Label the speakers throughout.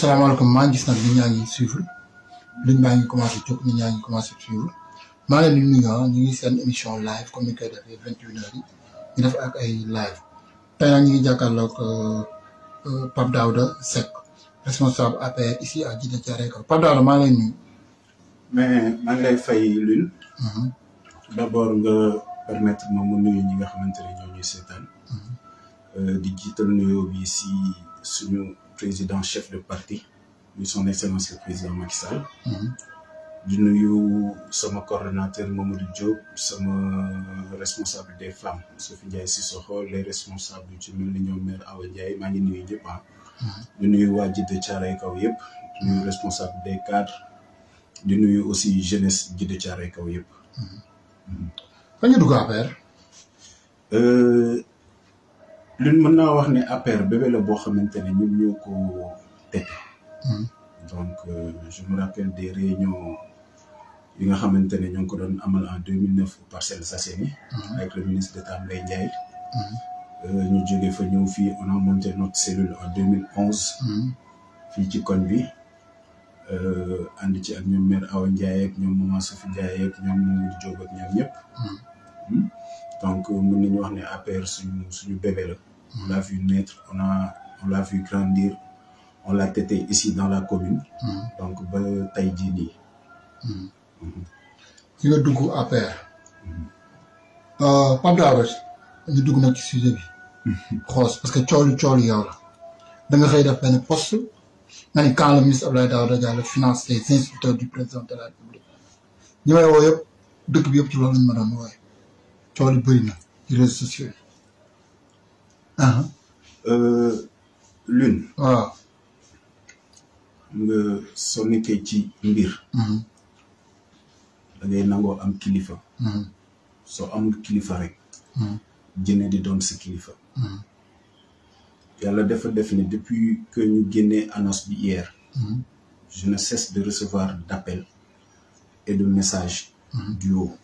Speaker 1: salaamaaleykum maa ngi gis nag nit ñaa ngi suivre liñ baa ngi commencé jóg nit ñaa ngi commencé maa ngi leen di ah, ñu ngi seen émission live comme ni ñu koy defee vingt et ñu def ak ay live tey nag ñu ngi jàkkaarloog euh, euh, Pape Daouda Seck responsable APR ici à Djidah Thiaroye Kao Pape Daouda maa ngi lay
Speaker 2: mais maa ngi lay fay Lune. Mhm. d' abord nga permettre ma mu nuyu ñi nga xamante ne ñoo ñuy seetaan. Mhm. Euh, di jiital nuyoo bi si suñu. président chef de parti muy son excellence le président Macky Sall. Mhm. di nuyu sama coordonnateur Mamadou Diop sama responsable des femmes Sophie Ndiaye si les responsables yu ci mel ni ñoom maire Awa Ndiaye maa ngi nuyu ñëpp ah. Mhm. nuyu waa Jidda Thiaroye Kaw yëpp. di nuyu responsable des cadres di nuyu aussi jeunesse Jidda Thiaroye Kaw yëpp. Mhm. kañ la dugg affaire. Euh, luñ mën naa wax ne APR bébé la boo xamante ne ñun ñoo ko teg mhm. donc euh, je me rappelle des réunions yi nga xamante ne ñoo ngi ko doon amal en 2009 Parcelles Assainies mhm. avec le ministre d'État Mbaye Ndiaye mhm. euh, ñu jóge fa ñëw fii on a monté notre cellule en bi euh, ànd ci ak ñoom maire Awa Ndiaye ak ñoom Maman ñoom Mamadou donc euh, mën nañu wax ne APR suñu suñu bébé la. on l'a vu naître on a on l'a vu grandir on l'a tété ici dans la commune. Mm-hmm. donc ba tey jii nii.
Speaker 1: ñu
Speaker 2: mm-hmm. nga dugg APR. Mm-hmm.
Speaker 1: Euh, Pape dugg nag ci parce que coolu coolu yow la. da nga xëy def benn poste nga ni quand le ministre Abdoulaye Daouda Diallo finance les instructeurs du président de la République ñi woo yëpp dëkk bi yëpp ci loolu lañ ma doon wooye. coow li bëri ci réseaux sociaux
Speaker 2: nga soo nekkee ci mbir. Mm-hmm. da nangoo am kilifa. Mm-hmm. soo amul kilifa rek. Mm-hmm. jëne di doon si kilifa. yàlla dafa def ni depuis que ñu génnee annonce bi hier. je ne cesse de recevoir d' et de messages du haut.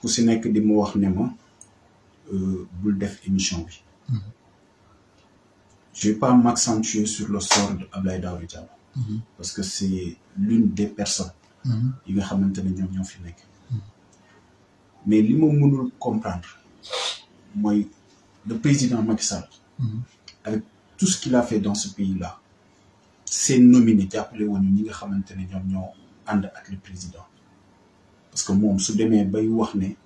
Speaker 2: ku si nekk di ma wax ne ma euh, bul def émission bi mm-hmm. je vais pas m'accentuer sur le sort de Abdoulaye Daouda Diallo mm-hmm. parce que c'est l'une des personnes mm-hmm. yi nga xamante ne ñoom ñoo fi nekk mais li ma mënul comprendre mooy le président Macky Sall avec tout ce qu'il a fait dans ce pays là c'est nominé jàppale woon ñi nga xamante ne ñoom ñoo ànd ak le président parce que moom su demee bay wax ne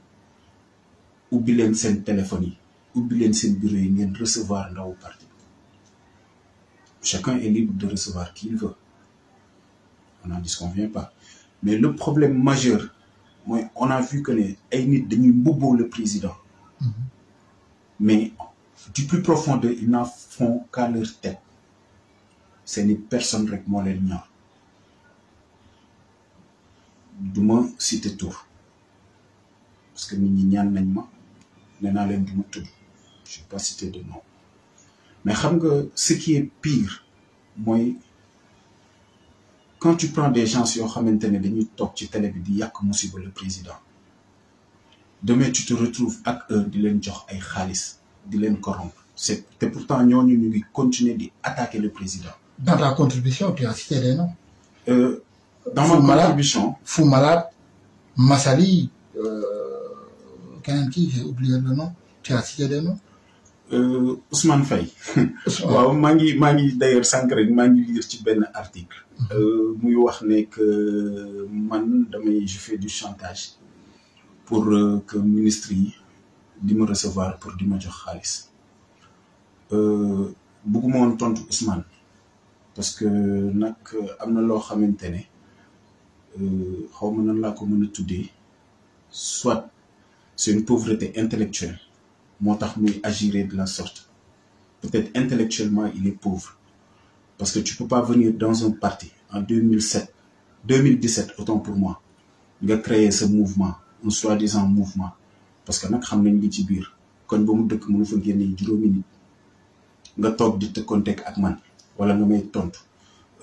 Speaker 2: ubbi leen seen téléphone yi ubbi leen seen bureau yi ngeen recevoir ndawu parti chacun est libre de recevoir qui il veut on n'en disconvient pas mais le problème majeur mooy on a vu que ne ay nit dañuy mbubboo le président mm-hmm. mais du plus profond d'eux ils n'en font qu'à leur tête seeni personne rek moo leen ñor du ma cité tour parce que nit ñi ñaan nañ ma nee naa leen du ma tudd je pas cité de nom mais xam nga ce qui est pire mooy quand tu prends des gens yoo xamante ne dañuy toog ci télé bi di yàq musiba le président demain tu te retrouves ak di leen jox ay xaalis di leen corrompre c'est te pourtant ñoo ñu ngi continuer di attaquer le président
Speaker 1: dans ta contribution tu as cité des noms
Speaker 2: euh, dans ma contribution Fou Malade Massaly euh,
Speaker 1: keneen kii j'ai oublié le nom tu as cité le
Speaker 2: euh, waaw maa ngi maa ngi d'ailleurs sànq maa ngi lire ci benn article. Mm-hmm. Euh, muy wax ne que man damay je fais du chantage pour que ministre yi di ma recevoir pour di ma jox xaalis bëgguma woon tontu Ousmane parce que nag am na loo xamante ne. Euh, xaw ma nan laa ko mën a tuddee soit c'est une pauvreté intellectuelle moo tax muy agir de la sorte peut-être intellectuellement il est pauvre parce que tu peux pas venir dans un parti en 2007 2017 autant pour moi nga créer ce mouvement un soi-disant mouvement parce que nag xam nañ li ci biir kon ba mu dëkk mënu fa génnee juróomi nit nga toog di tëkkoonteeg ak man wala nga may tontu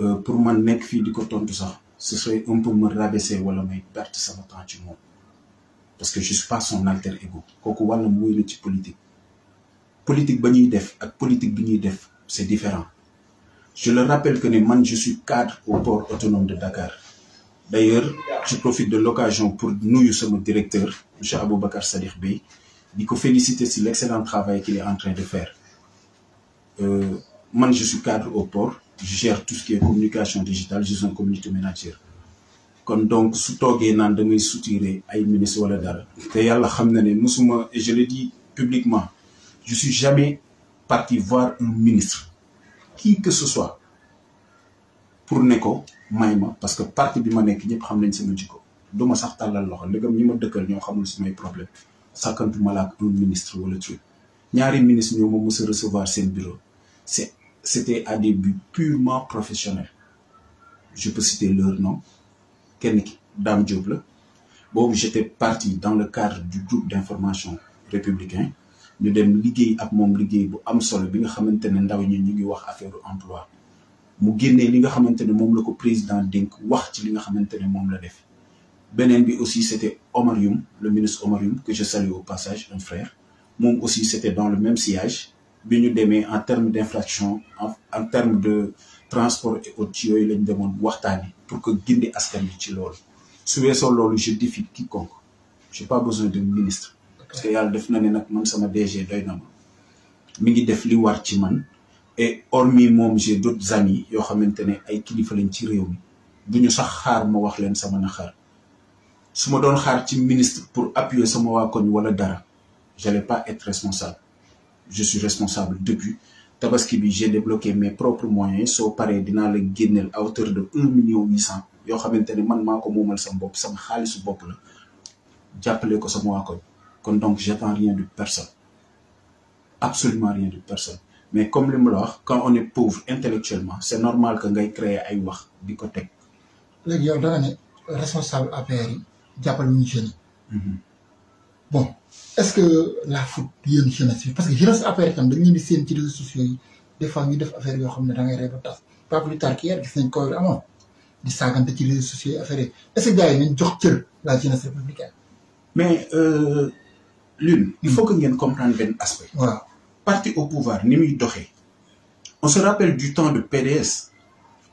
Speaker 2: euh, pour man nekk fii di ko tontu sax. ce serait un peu me rabaisser wala may perte sama temps ci moom parce que je pas son alter ego kooku wàllum muy na ci politique politique ba ñuy def ak politique bi ñuy def c'est différent je le rappelle que ne man je suis cadre au port autonome de Dakar d'ailleurs je profite de l'occasion pour nuyu sama directeur monsieur Aboubacar Sadikh bi di ko féliciter si l'excellent travail qu'il est en train de faire euh, man je suis cadre au port je gère tout ce qui est communication digitale je community manager kon donc su toogee naan damay soutirer ay ministre wala dara te yàlla xam na ne musuma je le dis publiquement je jamais parti voir un ministre qui que ce soit pour ne ko may ma parce que parti bi ma nekk ñëpp xam nañ sama jikko du ma sax tàllal loxo ndegam ñi ma dëkkal ñoo xamul samay problème sàkkantu ma laak un ministre wala truc ñaari ministre ñoo ma mës recevoir seen bureau c'est c'était à des buts purement professionnels je peux citer leur nom kenn ki Dame Diop la boobu j'étais parti dans le cadre du groupe d'information républicain ñu dem liggéey ak moom liggéey bu am solo bi nga xamante ne ndaw ñi ñu ngi wax affaire emploi mu génnee li nga xamante ne moom la ko président dénk wax ci li nga xamante ne moom la def beneen bi aussi c'était Omar Youm le ministre Omar Youm que je salue au passage un frère moom aussi c'était dans le même bi ñu demee en terme d' infraction en terme de transport et autres ci yooyu lañ demoon waxtaani pour que gindi askan bi ci loolu su weesoo loolu je défie quiconque j'ai pas besoin de ministre parce que yàlla def na ne nag man sama DG doy na ma mi ngi def li war ci man et hormis moom j'ai d'autres amis yoo xamante ne ay kilifa lañ ci réew mi du ñu sax xaar ma wax leen sama naxaar su ma doon xaar ci ministre pour appuyer sama waa koñ wala dara j'allais pas être je suis responsable depuis tabaski bi j'ai débloqué mes propres moyens soo paree dinaa la génneel à hauteur de un million huit cent yoo xamante ne man maa ko moomal sama bopp sama xaalisu bopp la jàppale ko sama waa koñ kon donc j'attends rien de personne absolument rien de personne mais comme li ma la wax quand on est pauvre intellectuellement c'est normal que ngay créer ay wax di ko teg léegi
Speaker 1: yow danga ne responsable APR yi jàppale ñu jeunes bon est-ce que la foot yéen jeunesse parce que jeunesse affaire itam dañ leen di séen ci réseaux sociaux yi des fois ñu def affaire yoo xam ne da ngay rey ba tas pas plus tard qu'hier gis nañ koy amoon di saagante ci réseaux sociaux yi affaire yi est-ce que gars yi nañ jox cër la jeunesse républicaine.
Speaker 2: mais euh, Lune. il faut que ngeen comprendre benn aspect. waaw parti au pouvoir ni muy doxe on se rappelle du temps de PDS.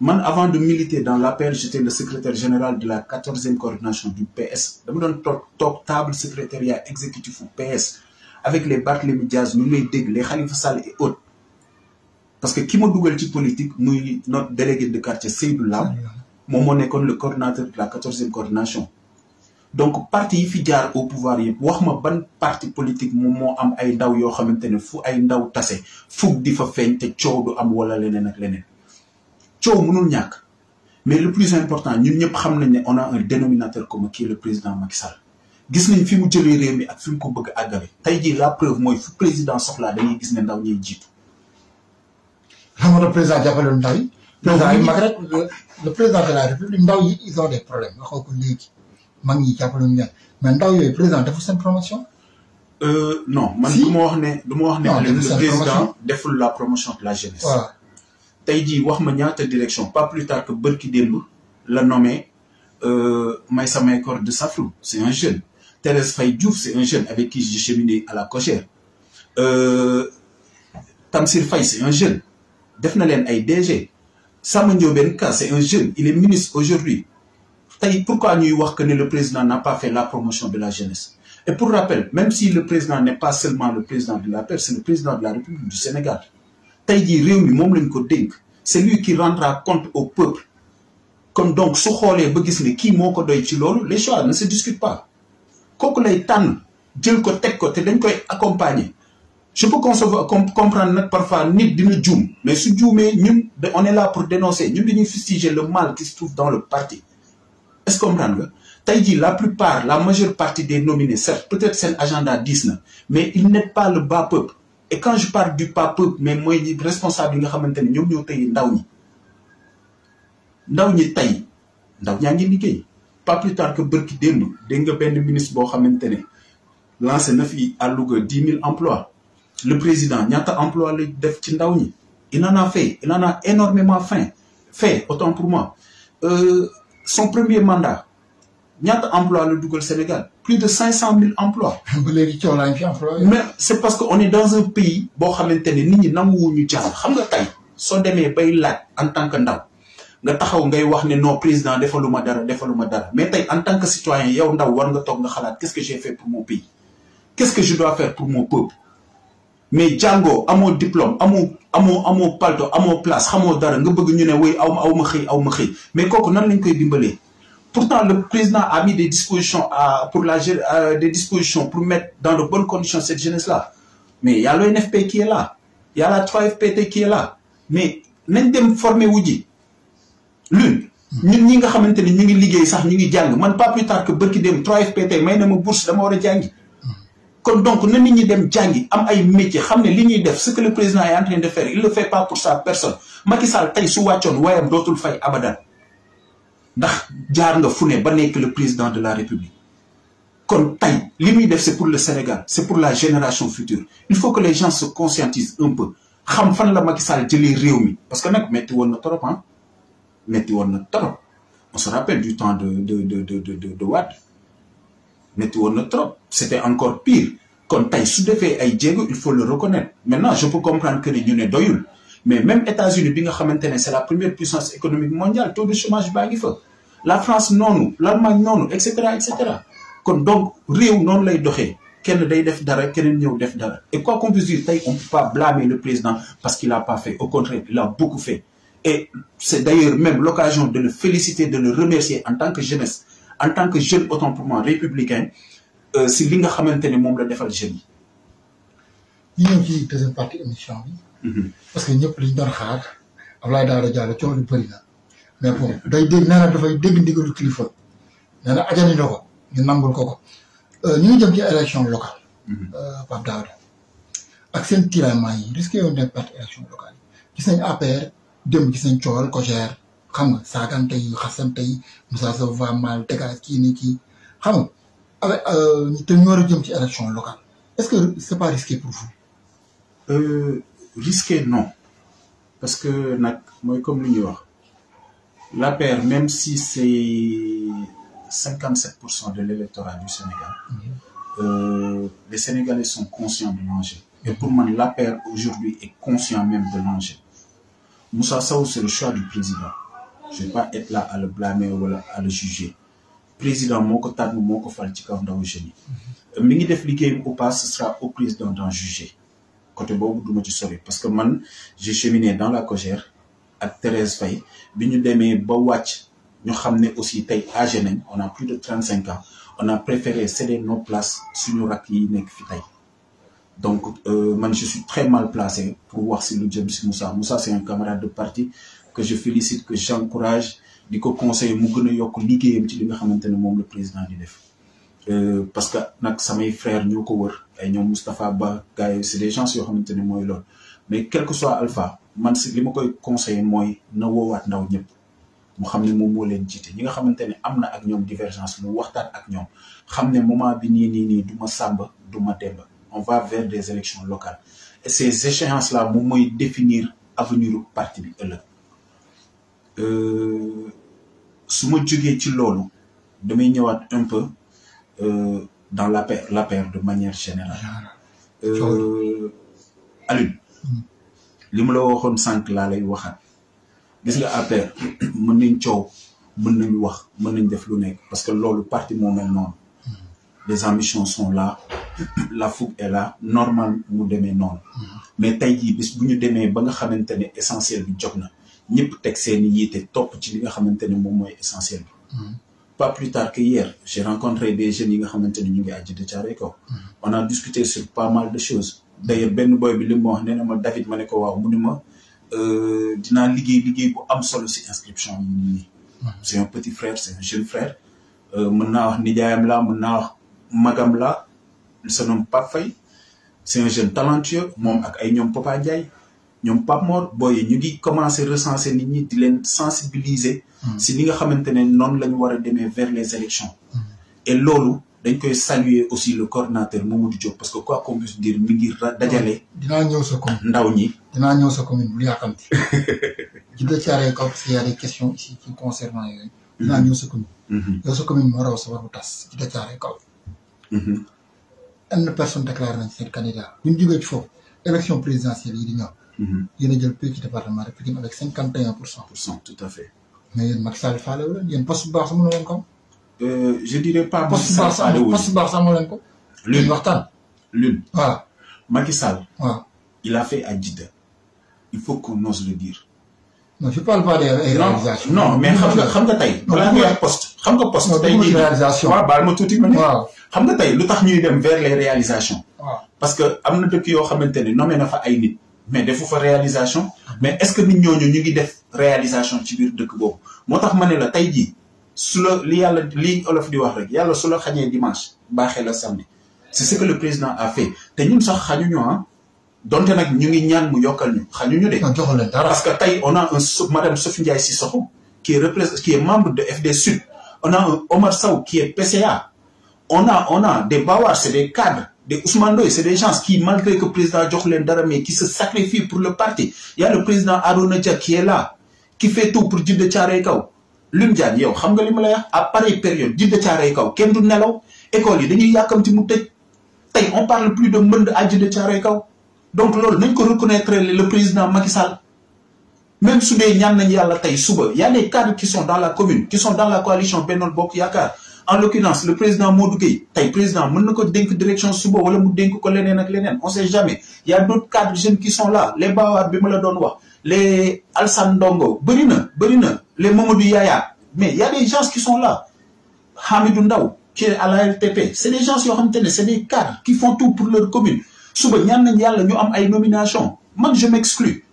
Speaker 2: man avant de militer dans l'APR te le secrétaire général de la quatorzième coordination du PS dama doon toog toog table secrétariat exécutif u PS avec les Barthélémy Diaz ñu may dégg les Khalifa Sall et autres parce que ki ma dugal ci politique muy notre délégué de quartier Seydou Lam moom moo nekkoon le coordonnateur de la quatorzième donc parti yi fi jaar au pouvoir yëpp wax ma ban parti politique moom moo am ay ndaw yoo xamante ne fu ay ndaw tase fukk di fa feeñ te am wala leneen ak leneen coow mënul ñàkk mais le plus important ñu ñëpp xam nañ ne on a un dénominateur commun qui est le président Macky gis nañ fi mu jëlee réew mi ak fi mu ko bëgg àggale tey jii la preuve mooy fu président soxlaa dañuy gis ne ndaw ñuy jiitu.
Speaker 1: xam nga président jàppale ndaw yi. président yi mag rek
Speaker 2: le président de la république
Speaker 1: ndaw yi ils des problèmes nga xaw ko léegi mag ñi jàppale ñu ñaan mais ndaw yooyu président deful seen promotion.
Speaker 2: Euh, non man du ma wax ne. du ma wax ne le l deful la promotion de la jeunesse. tey jii wax ma ñaata direction pas plus tard que bërki démb la nommé euh, Maïssa Mahécor de Safrou c'est un jeune Thérèse Faye Diouf c'est un jeune avec qui j'ai cheminé à la Cochère euh, Tamsir Faye c'est un jeune def na leen ay DG Samba Ndiobène Ka c'est un jeune il est ministre aujourd'hui tey pourquoi ñuy wax que ne le président n'a pas fait la promotion de la jeunesse et pour rappel même si le président n'est pas seulement le président de l'APR c'est le président Sénégal tey jii réew mi moom lañ ko dénk c'est lui qui rendra compte au peuple comme donc su xoolee ba gis ne kii moo ko doy ci loolu les choix ne se discutent pas kooku lay tànn jël ko teg ko te dañ koy accompagner je peux concevoir comprendre nag parfois nit dina juum mais su juumee ñun on est là pour dénoncer ñun dañuy fustiger le mal qui se trouve dans le parti est-ce comprendre nga tey jii la plupart la majeure partie des nominés certes peut-être seen agenda diis na mais il n'est pas et quand je parle du pas peuple mais mooy ñi responsable yi nga xamante ne ñoom ñoo tey ndaw ñi ndaw ñi tey ndaw ñaa ngi liggéey pas plus tard que bërki démb dégg nga benn ministre boo xamante ne lancé na fi à Louga dix mille emplois le président ñaata emploi la def ci ndaw ñi il en a fait il en a énormément fait fait autant pour moi euh, son premier mandat ñaata emploi la dugal Sénégal plus de cinq cent mille emplois ba léegi coow laa ngi emploi mais c'est parce que on est dans un pays boo xamante ni nit ñi nanguwuñu jàng xam nga tey soo demee bay laaj en tant que ndaw nga taxaw ngay wax ne noo président defaluma dara defaluma dara mais tey en tant que citoyen yow ndaw war nga toog nga xalaat qu'est-ce que j'ai fait pour mon pays que je dois faire pour mon mais jàngoo amoo diplôme amoo amoo amoo palto amoo place xamoo dara nga bëgg ñu ne woy aw aw ma xëy aw ma xëy mais kooku nan lañ koy dimbalee Pourtant, le président a mis des dispositions pour la, à, euh, des dispositions pour mettre dans de bonnes conditions cette jeunesse-là. Mais il y a l'ONFP qui est là. Il a la 3FPT qui est là. Mais nañ dem former wu ji l'une ñun ñi nga xamante ni ñu ngi liggéey sax ñu ngi jàng man pas plus tard que bërki dem 3FPT may na ma bourse dama war a jàngi kon donc na ni ñi dem jàngi am ay métier xam ne li ñuy def ce que le président est en train de faire il le fait pas pour sa personne Macky Sall tey su wàccoon dootul fay abadan ndax jaar nga fu ne ba nekk le président de la république kon tey li muy def c'est pour le Sénégal c'est pour la génération future il faut que les gens se conscientisent un peu xam fan la Macky Sall jëlee réew mi parce que nag metti na trop ah metti woon na trop on se rappelle du temps de de de de de de Wade metti woon na trop c'était encore pire kon tey su defee ay jéego il faut le reconnaître maintenant je peux comprendre que ni ñu ne doyul mais même États-Unis bi nga xamante ne c'est la première puissance économique mondiale taux de chômage baa ngi fa la France noonu l'Allemagne noonu et cetera et cetera kon donc réew noonu lay doxee kenn day def dara keneen ñëw def dara et quoi qu'on puisse dire tey on peut pas blâmer le président parce qu'il a pas fait au contraire il a beaucoup fait et c'est d'ailleurs même l'occasion de le féliciter de le remercier en tant que jeunesse en tant que jeune autant pour moi républicain euh, si li nga xamante ne moom la defal jeunes
Speaker 1: yi. ci émission Mm-hmm. parce que ñëpp liñ doon xaar Abdoulaye Daouda da coow lu bëri na. mais bon day dégg nee na dafay dégg ndigalu kilifa nee na ajani ko ñu nangul ko ko euh, ñu ngi jëm ci élection locale. Mm-hmm. Euh, Pape seen tiraillement yi risqué yoon nañ perte élection locale yi gis nañ APR démb xam nga saagante yi xasante yi Moussa Sow mal dégâts kii ni kii xam nga avec euh, te ñu war a jëm ci élection locale est-ce que c'est pas risqué pour
Speaker 2: vous. risqué non parce que nag mooy comme lu ñuy wax l'APR même si c'est cinquante sept pour cent de l'électorat du Sénégal mhm. euh, les Sénégalais sont conscients de l'enjeu et pour man l'APR aujourd'hui est conscient même de l'enjeu Moussa Sow c'est le choix du président je vais pas être là à le blâmer wala à le juger président moo ko tànn moo ko fal ci kaw ndaw jeunes yi mhm. euh, mi ngi def liggéeyam ou pas ce sera au président d'en juger côté boobu duma ci sori parce que man j'ai cheminé dans la cogère ak Thérèse Faye bi ñu demee ba wàcc ñu xam ne aussi tey âgé nañ on a plus de trent cinq ans on a préféré céder nos places suñu rakk yi nekk fi tey donc euh, man je suis très mal placé pour wax si lu jëm si Moussa Moussa c'est un camarade de parti que je félicite que j'encourage di ko conseiller mu gën a yokk liggéeyam ci li nga xamante ne moom la président di def euh, parce que nag samay frère ñoo ko wër ay ñoom Moustapha Ba gars yi c'est des yoo xamante ne mooy loolu mais quel que soit alpha man si li ma koy conseillé mooy na woowaat ndaw ñëpp mu xam ne moom moo leen jiite ñi nga xamante ne am na ak ñoom divergence mu waxtaan ak ñoom xam ne moment bi nii nii nii du ma sàmba du ma demba on va vers des élections locales et ces échéances la moom mooy définir avenir parti bi ëllëg euh, su ma jógee ci loolu damay ñëwaat un peu euh, dans la paix la paix de manière générale. Euh, Alioune. li mu la waxoon sànq laa lay waxat gis nga APR mën nañ coow mën nañ wax mën nañ def lu nekk parce que loolu parti moo mel noonu hmm. les ambitions sont là la fougue est là normal mu demee noonu hmm. mais tey jii bis bu ñu demee ba nga xamante ne essentiel bi jog na ñëpp teg seen i yiite topp ci li nga xamante ne moom mooy essentiel bi hmm. pas plus tard que hier j'ai rencontré des jeunes yi nga xamante ni ñu ngi àjji de Thiaroye Kaw mhm. on a discuté sur pas mal de choses d'ailleurs benn boy bi li mu wax nee na ma David ma ne ko waaw mu ma euh, dinaa liggéey liggéey bu am solo si inscription yi nii mhm. c'est un petit frère c'est un jeune frère euh, mën naa wax nijaayam la mën naa wax magam la son nom Pape Faye c'est un jeune talentueux moom ak ay ñoom Papa Ndiaye ñoom Pape Mor booy ñu ngi commencé recenser nit ñi di leen sensibiliser. Hmm. si li nga xamante ne noonu la ñu war a demee vers les élections. Hmm. et loolu dañ koy saluer aussi le coordonnateur Mamadou Diop parce que quoi qu'on puisse dire dajale. Hmm. dinaa ñëw sa ndaw ñi.
Speaker 1: dinaa ñëw sa commune bu yàkkamti. ci de caaree ko parce que y a des questions dinaa ñëw sa
Speaker 2: commune.
Speaker 1: commune moo raw tas ci de caaree kaw. na personne déclaré nañ seen candidat bu ñu ci foofu élection présidentielle yi di ñëw. Mm-hmm. yéen a jël Pikine département rek Pikine avec cinquante et un pour cent. pour cent tout à fait. mais yéen Macky faale wu leen yéen baax sax mënu leen ko am.
Speaker 2: Euh, je dirais pas. Macky Sall faale wu lune waxtaan. lune voilà. Macky Sall. il a fait à Djidda. il faut qu'on ose le dire. non je parle mais xam nga xam nga tey. balaa ngay wax poste xam nga post tey jii waaw baal ma tuuti ma ne. xam nga tey lu tax ñuy dem vers les réalisations. waaw parce que am na dëkk yoo xamante ne nommé na fa ay nit. mais defu fa réalisation mais est-ce que nit ñooñu ñu ngi def réalisation ci biir dëkk boobu moo tax ma ne la tey jii su la li yàlla li olof di wax rek yàlla su la xañee dimanche baaxee la samedi c'est ce que le président a fait te ñun sax xañuñu ah donte nag ñu ngi ñaan mu yokkal ñu xañuñu de. parce que tey on a un madame Sophie Ndiaye Sissoko qui est représentée qui membre de FD Sud on a un Omar saw qui est PCA on a on a des Bawar c'est des cadres. de Ousmane Ndoye c'est des gens qui malgré que président jox leen dara mais qui se sacrifient pour le parti y a président Arouna Dia qui est là fait tout pour Djidah Thiaroye Kaw Lim Diagne yow xam nga li ma lay wax à pareille période Djidah Thiaroye Kaw kenn du nelaw école yi dañuy yàkkamti mu tëj tey on parle plus de mbënd à Djidah Thiaroye Kaw donc loolu nañ ko reconnaître le président Macky Sall même su ñaan nañu yàlla tey suba y a des cadres qui sont dans la commune en l'occurrence le président Modou Gueye tey président mën na ko dénk direction suba wala mu dénk ko leneen ak leneen on sait jamais y a d'autres cadres jeunes qui sont là les Bawaar bi ma la doon wax les Alsan Ndongo bëri na bëri na les Mamadou Yaya mais y a des gens qui sont là Hamidou Ndaw ci à la RTP c'est des gens yoo xamante ne c'est des cadres qui font tout pour leur commune suba ñaan nañ yàlla ñu am ay nomination man je m'exclus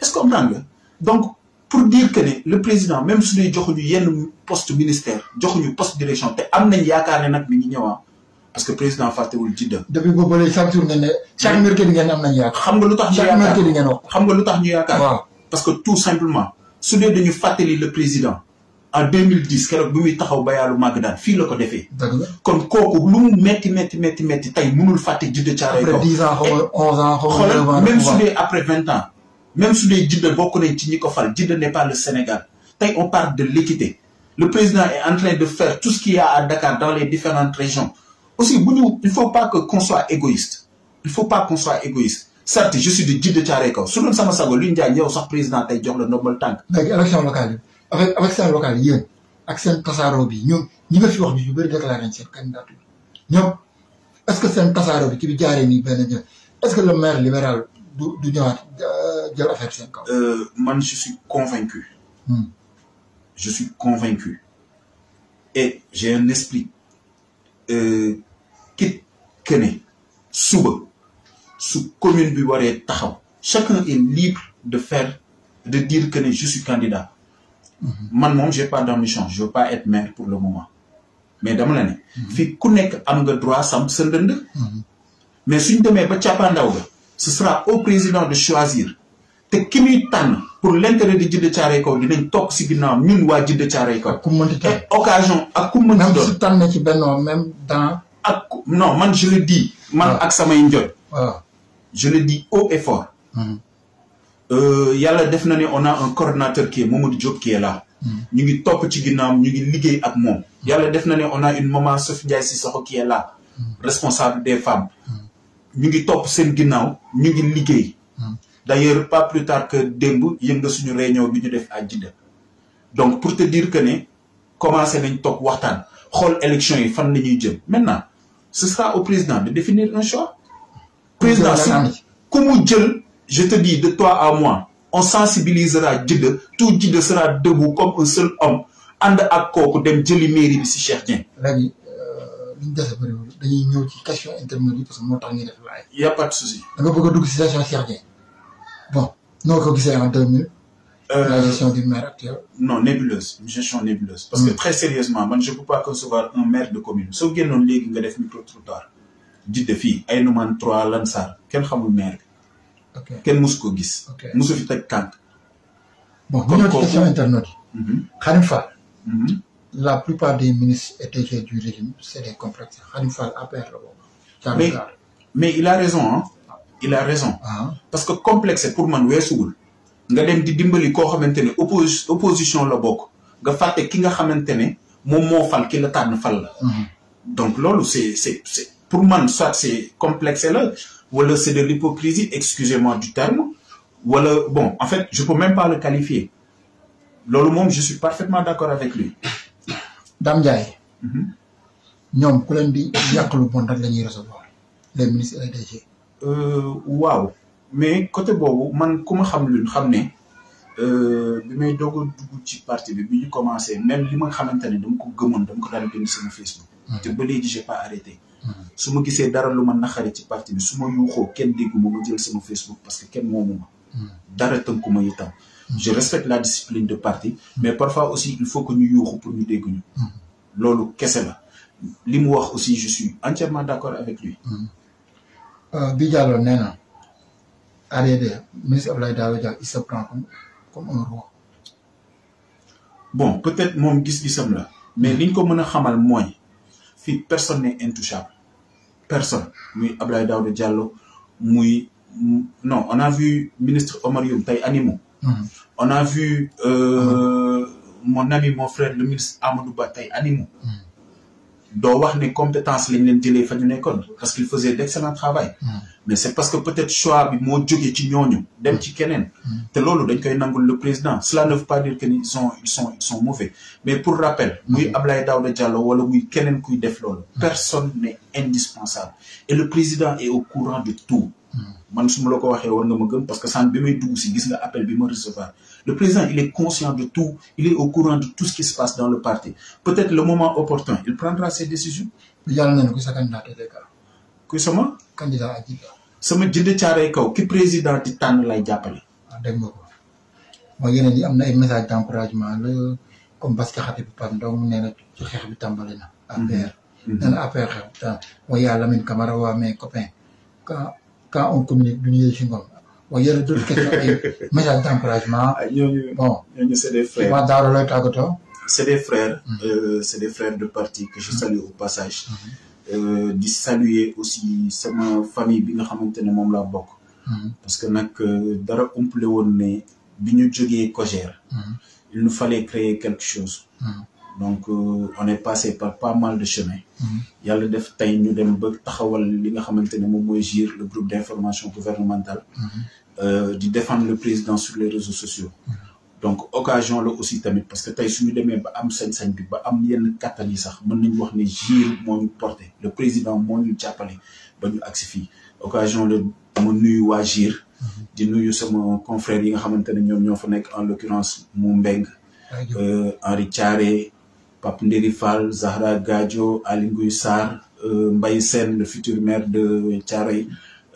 Speaker 2: est-ce que comprendre donc pour dire que ne le président même su dee joxuñu yenn poste ministère joxuñu post direction te am nañ yaakaar ne nag mi ngi ñëwaat ah. parce que président fàttewul jidda depuis boobu ba léegi chaque jour ngeen ngeen am nañ yaakaar. xam nga lu tax ñu yaakaar parce que tout simplement su dee dañu fàttali le président en 2010 keroog bi muy taxaw bayaalu màgg daal fii la ko defee. kon kooku lu mu metti metti metti metti tey mënul fàtte jidda caaray kaw. ans xaw ma eh, su dee après 20 ans. même su dee Djidda bokk nañ ci ñi ko fal Djidda n'est pas le Sénégal tey on parle de l'équité le président est en train de faire tout ce qu'il y a à Dakar dans les différentes régions aussi bu ñu il faut pas que qu'on soit égoïste il faut pas qu'on soit égoïste certes je suis de Djidda Thiaroye Kao su doon sama sago lu ñu jaay yow sax président tey jox la ndombal tànk léegi élection locale yi avec élection locale yéen ak seen
Speaker 1: tasaaroo bi ñoom ñi nga fi wax ñu ñu bëri déclaré nañ seen candidature que seen tasaaroo bi ci bi jaaree nii benn est-ce que le maire libéral du du ñëwaat
Speaker 2: jël affaire seen kaw. Euh, man je suis convaincu. Hmm. je suis convaincu et j'ai un esprit kit euh, que ne suba su commune bi waree taxaw. chacun est libre de faire de dire que ne je suis candidat. Hmm. man moom j'ai pas d'ambition je veux pas être maire pour le moment mais dama la ne. Hmm. fii ku nekk am nga droit sam sa ndënd. mais suñ demee ba càppaandaw ga ce sera au président de choisir te ki muy tànn pour l'intérêt de Djidah Thiaroye Kaw dinañ toog si ginnaaw ñun waa Djidah Thiaroye Kaw. ku mënti tànn occasion ak ku mënti doon même na ci benn même dans. ak non man je le man ah. ak samay njot waaw ah. di le dis haut et hmm. euh, def na ne on a un coordonnateur qui moom ma Diop qui est là. Hmm. ñu ngi topp ci ginnaawam ñu ngi liggéey ak moom. Hmm. yàlla def na ne ona a une maman Sophie Ndiaye Cissokho qui est là. responsable des femmes. ñu ngi topp seen ginnaaw ñu ngi liggéey hmm. d'ailleurs pas plus tard que démb yënga suñu réunion bi ñu def à Jidda donc pour te dire que ne commencé nañ toog waxtaan xool élection yi fan la ñuy jëm maintenant ce sera au président de définir un choix président si ku mu jël je te dis de toi à mois on sensibilisera Jidda tout Jidda sera debout comme un seul homme ànd ak kooku dem jëli mairie bi si Cheikh Dieng
Speaker 1: duñ dese bëriwul dañuy ñëw ci question intermédiaire yi parce que moo tax ñuy def laaj.
Speaker 2: y' a pas de souci.
Speaker 1: da nga bëgg a dugg ci station Cheikh Dieng bon noo ko gisee en deux minutes.
Speaker 2: Euh, la gestion du maire actuel. non nébuleuse nébuleuse. parce que mm. très sérieusement man je peux pas concevoir un maire de commune soo génnoon léegi nga def micro trottoir. jidde fii ay numaan 3 Lansar kenn xamul maire kenn mosu ko gis. mosu fi teg kànk. bon bu ñëw ci question yi. Xarim Fall.
Speaker 1: la plupart des ministres étrangers du régime c'est des complexes Khalifa APR la boobu.
Speaker 2: mais la il a raison hein il a raison. Ah. parce que complexe pour man weesuwul. nga dem di dimbali koo xamante ne oppos opposition la bokk nga fàtte ki nga xamante ne moom moo fal ki la tànn fal la. Mhm. donc loolu c'est c'est pour man soit c'est complexe la wala c'est de l'hypocrisie excusez-moi du terme wala bon en fait je peux même pas le qualifier loolu moom je suis parfaitement d'accord avec lui. Dame Ndiaye.
Speaker 1: Mhm. ñoom ku leen di yàq lu bon rek la ñuy recevoir
Speaker 2: les ministres et les DG. Euh, waaw mais côté boobu man ku ma xam lu xam ne euh, bi may doog a ci parti bi bu ñu commencé même li ma xamante ne dama ko gëmoon dama ko daan bind sama Facebook. Mm. te ba léegi j'ai pas arrêté. Mm. su ma gisee dara lu ma naxari ci parti bi su ma yuuxoo kenn déggu ma ma jël sama Facebook parce que kenn moomu ma. Mm. dara tënku ma itam. je respecte la discipline de parti mais parfois aussi il faut que ñu yuuxu pour ñu dégg ñu loolu kese la li mu wax aussi je suis entièrement d'accord avec lui mm-hmm.
Speaker 1: euh, bi jàlloon nee na ADD ministre Abdoulaye Daouda Diallo il se
Speaker 2: prend comme un roi bon peut-être moom gis-gisam la mais liñ ko mën a xamal mooy fi personne n'est intouchable personne muy Abdoulaye Daouda Diallo muy non on a ministre Omar Youm tey animaux Mm-hmm. on a vu euh, mon ami mon frère le ministre Amadou Ba tey animu mm-hmm. doo wax ne compétence lañ leen jëlee fa ñu nekkoon parce qu'il faisait d'excellent travail mm-hmm. mais c'est parce que peut-être choix bi moo jógee ci ñooñu dem ci keneen te loolu dañ koy nangul le président cela ne veut pas dire que ils sont ils sont ils sont mauvais mais pour rappel muy Ablaye Daouda Diallo wala muy keneen kuy def loolu personne n'est indispensable et le président est au courant de tout man su ma la ko waxee war nga ma gëm parce que sant bi may dugg si gis nga appel bi ma recevoir le président il est conscient de tout il est au courant de tout ce qui se passe dans le parti peut-être le moment opportun il prendra ses décisions. yàlla na ne ku sa candidat ku sama. candidat ak sama jënd caaray kaw ki président di tànn lay jàppale. waaw ah, dégg nga ko
Speaker 1: mooy yeneen am na ay message d'encouragement la comme Bass Diakhaté bi par mu nee na ci xeex bi tàmbali na. Mhm. APR mhm. nee na yàlla Lamine Camara waa mes quand on communique du ñu yee si ngoom bon yéen a dul question c'est
Speaker 2: des frères bon Daara looy tàggatoo. c'est des frères. c'est des frères de parti que je salue au passage. di saluer aussi sama famille bi nga xamante ne moom laa bokk. parce que nag dara umpale woon ne bi ñu jógee Cogère. il nous fallait créer quelque chose. donc euh, on est passé par pas mal de chemin mhm. yàlla def tey ñu dem ba taxawal li nga xamante ne moom mooy GIR le groupe d'information gouvernementale mhm. euh, di défendre le président sur les réseaux sociaux mhm. donc occasion la aussi tamit parce que tey suñu demee ba am sañ-sañ bi ba am yenn kattan yi sax mën nañu wax ni GIR moo ñu porté le président moo ñu jàppale ba ñu agsi fii occasion la ma nuyu waa GIR di nuyu sama confrère yi nga xamante ne ñoom ñoo fa nekk en l'occurrence mu Mbeng Pape Ndéri Fall Zahra Gadio Aly Ngouille Sarr euh, Mbaye Sène le futur maire de Thiaroye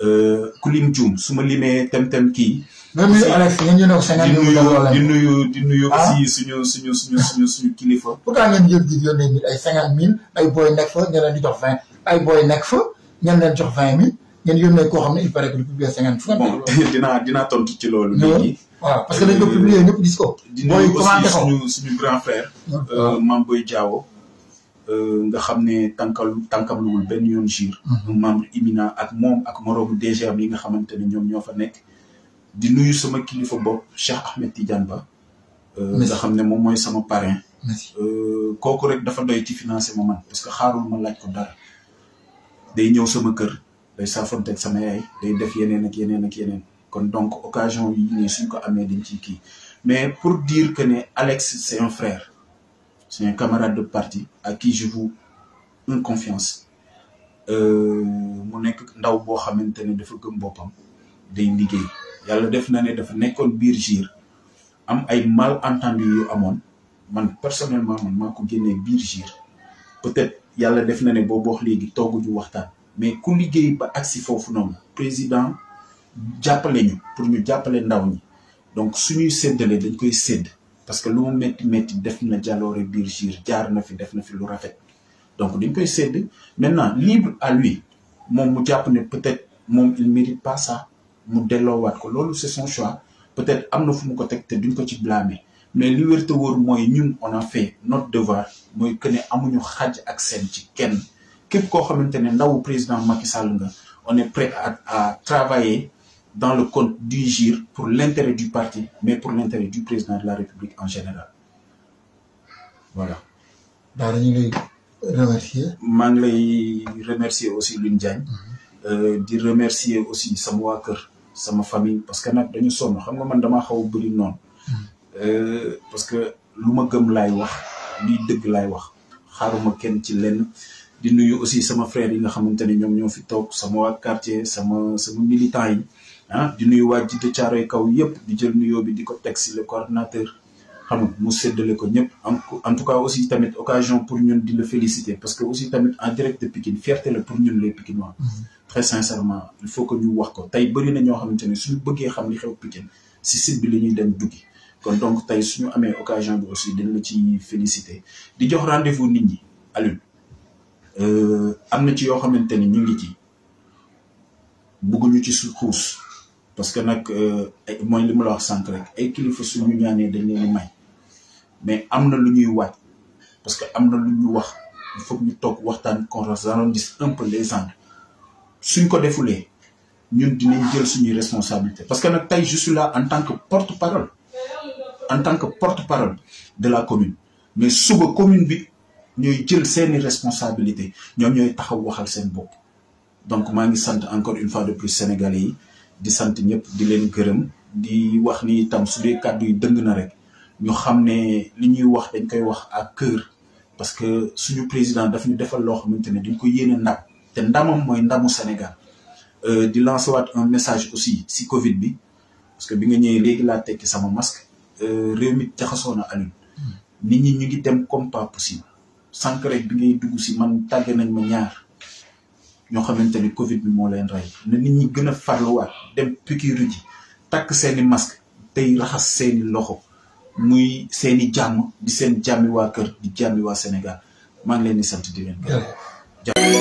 Speaker 2: euh, ku lim juum su ma limee tem-tem kii. nga nuyu Alex nga ñu doon Sénégal di nuyu di nuyu di ah. nuyu aussi suñu suñu suñu suñu suñu kilifa. pourtant ngeen jël
Speaker 1: di yónnee nit ay cinquante mille ay booy nekk fa ngeen leen di ay booy nekk fa ngeen leen jox vingt mille ngeen yónnee koo xam ne il paraît que du publier cinquante. bon
Speaker 2: dinaa dinaa tontu ci loolu. léegi waaw parce que dañ ko publier ñëpp gis
Speaker 1: ko. mooy euh, commenté suñu
Speaker 2: suñu grand frère. Euh, Mame Boye Diao. Euh, nga xam ne tànkal tànkam benn yoon jur. ak moom ak moroomu DG yi nga xamante ne ñoom ñoo fa nekk. di nuyu sama kilifa bopp Cheikh Ahmed Tidiane Ba. nga xam ne moom mooy sama parrain. kooku rek dafa doy ci financé ma man parce que xaarul ma laaj ko dara. day ñëw sama kër day saafonteeg sama yaay day def yeneen ak yeneen ak yeneen. kon donc occasion yi ne suñ ko amee dañ ciy kii mais pour diir que ne Alex c'est un frère c'est un camarade de parti à qui je voue une confiance euh, mu nekk ndaw boo xamante ne dafa gëm boppam day liggéey yàlla def na ne dafa nekkoon biir GIR am ay mal malentendu yu amoon man personnellement man maa ko génnee biir GIR peut-être yàlla def na ne boo wax léegi toogu ju waxtaan mais ku liggéey ba agsi foofu noonu président jàppale ñu pour ñu jàppale ndaw ñi donc suñuy séddale dañ koy sédd parce que lu mu métti métti def na jaloore biir giir jaar na fi def na fi lu rafet donc dañ koy sédd maintenant libre à lui moom mu jàpp ne peut-être moom il mérite pas ça mu delloowaat ko loolu c'est son choix peut-être am na fu mu ko teg te duñ ko ci blâmer mais li wér mooy ñun on a fait notre devoir mooy que ne amuñu xaj ak seen ci kenn képp koo xamante ne ndawu président Macky Sall nga à à dans le compte du GIR pour l'intérêt du parti, mais pour l'intérêt du président de la République en général. Voilà.
Speaker 1: Bah, nous remercier.
Speaker 2: Je remercie aussi Lundiagne. Mhm. Euh, di remercier aussi sama waa kër sama famille parce que nag dañu sonn xam nga man damaa xaw a bëri noonu. Mhm. Euh, parce que lu ma gëm laay wax lii dëgg laay wax xaaruma kenn ci lenn di nuyu aussi sama frère yi nga xamante ne ñoom ñoo fi toog sama waa quartier sama sama militant yi. ah di nuyu waa jiite caaroy kaw yëpp di jël nuyoo bi di ko teg si le coordonnateur xam nga mu séddale ko ñëpp en tout cas aussi tamit occasion pour ñun di le féliciter parce que aussi tamit en direct de Pikine fierté la pour ñun les Pikinois mm-hmm. très sincèrement il faut que ñu wax ko tey bëri na ñoo xamante ne suñu bëggee xam li xew Pikine si site bi ñuy dem duggi kon donc tey suñu amee occasion bi aussi dañ la ci féliciter di jox rendez-vous nit ñi Alioune euh, am yoo xamante ni ñu ci bëgguñu ci su xuus parce que nag euh, mooy li ma la wax sànq rek ay kilifa suñu ñaanee dañ leen may mais am na lu ñuy waaj parce que am na lu ñu wax il faut ñu toog waxtaan conférence d'arrondissement gis un les angles suñ ko defulee ñun dinañ jël suñuy responsabilité parce que nag tey je la en tant que porte-parole en tant que porte-parole de la commune mais suba commune bi ñooy jël seeni responsabilité ñoom ñooy taxaw waxal seen bopp donc maa ngi sant encore une fois de plus sénégalais yi di sant ñëpp di leen gërëm di wax ni itam su dee kàddu yi dëng na rek ñu xam ne li ñuy wax dañ koy wax ak kër parce que suñu président daf ñu defal loo xamante ne dañ koy yéene ndam te ndamam mooy ndamu Sénégal euh, di lancer waat un message aussi si Covid bi parce que bi nga ñëwee léegi laa tekki sama masque euh, réew mi jaxasoo na Alioune hmm. nit ñi ñu ngi dem comme pas possible sànq rek bi ngay dugg si man tàgge nañ ma ñaar. ñoo xamante ni Covid bi moo leen rey na nit ñi gën a waa dem pikiru ji takk seeni masque tey raxas seeni loxo muy seeni jàmm di seen jàmmi kër di jàmmi waa Sénégal maa ngi leen di sant di leen gërëm. jàmm.